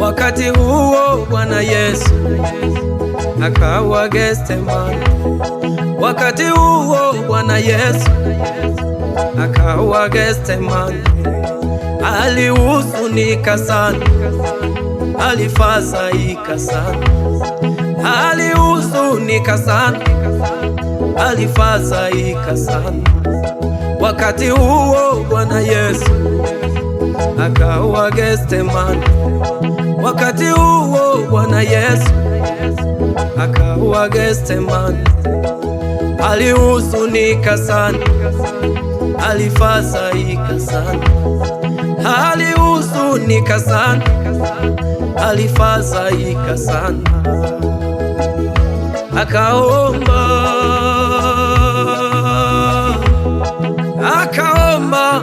Wakati huo Bwana Yesu akawa Gethsemane. Wakati huo Bwana Yesu wa Gethsemane, alihuzunika sana, alifasaika sana, alihuzunika sana, alifasaika sana. Wakati huo Bwana Yesu akawa Gethsemane, wakati huo Bwana Yesu akawa Gethsemane, alihuzunika sana alifasaika sana, alihuzunika sana, alifasaika sana, akaomba akaomba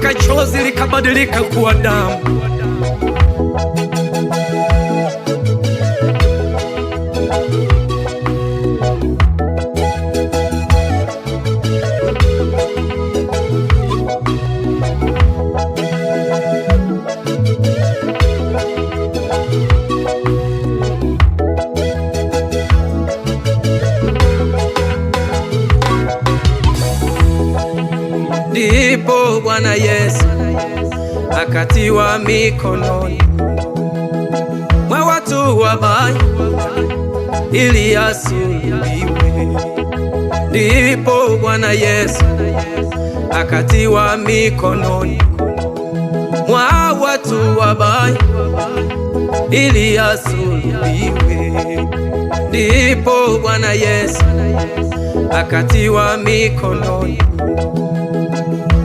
mpaka chozi likabadilika kuwa damu. akatiwa mikononi mwa watu wabaya ili asulubiwe. Ndipo Bwana Yesu akatiwa mikononi mwa watu wabaya ili asulubiwe. Ndipo Bwana Yesu akatiwa mikononi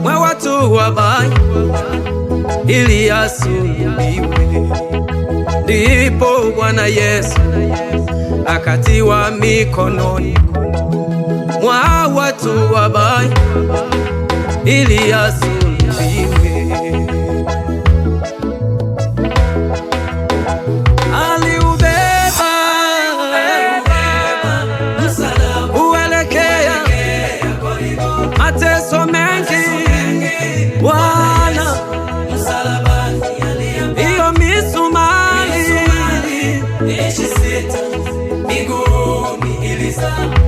mwa watu wabaya ili asulubiwe. Ndipo Bwana Yesu akatiwa mikononi mwa watu wabaya ili asulubiwe.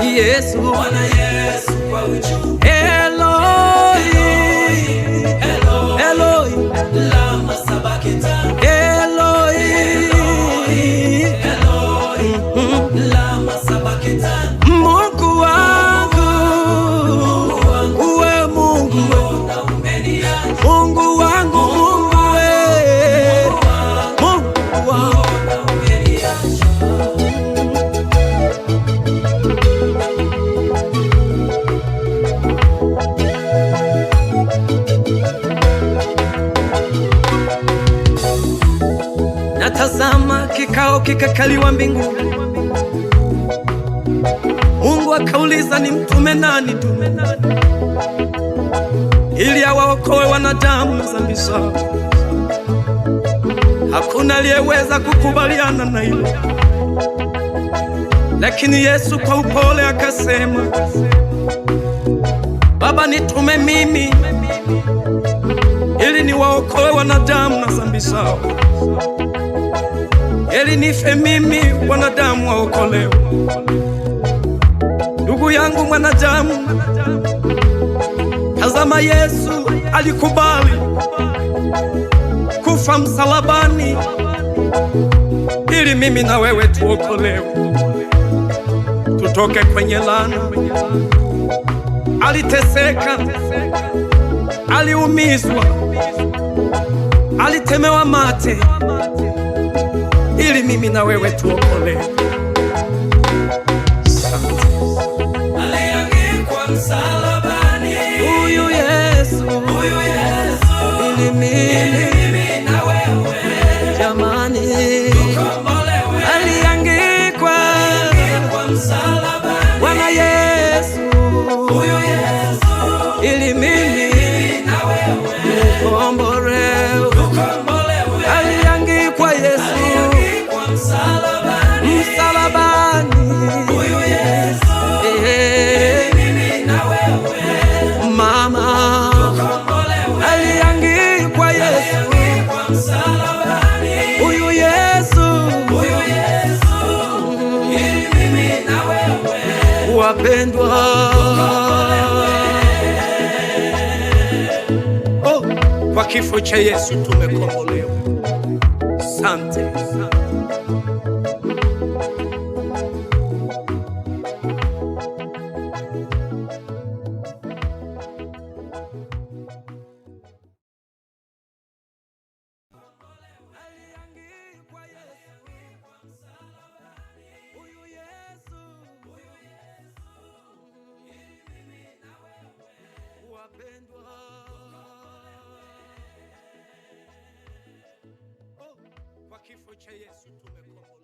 Yesu, Bwana Yesu kwa uchungu. Eh, kikao kikakaliwa mbingu, Mungu akauliza ni mtume nani tu ili awaokoe wanadamu dhambi zao. Hakuna aliyeweza kukubaliana na hilo, lakini Yesu kwa upole akasema, Baba, nitume mimi ili niwaokoe wanadamu na dhambi zao. Eli nife mimi, wanadamu waokolewe. Ndugu yangu mwanadamu, tazama, Yesu alikubali kufa msalabani ili mimi na wewe tuokolewe, tutoke kwenye laana. Aliteseka, aliumizwa, alitemewa mate ili mimi na wewe tuokole. Huyu Yesu, huyu Yesu, ili mimi pendwa oh, kwa kifo cha Yesu tumekombolewa. Sante. to chair, yes, you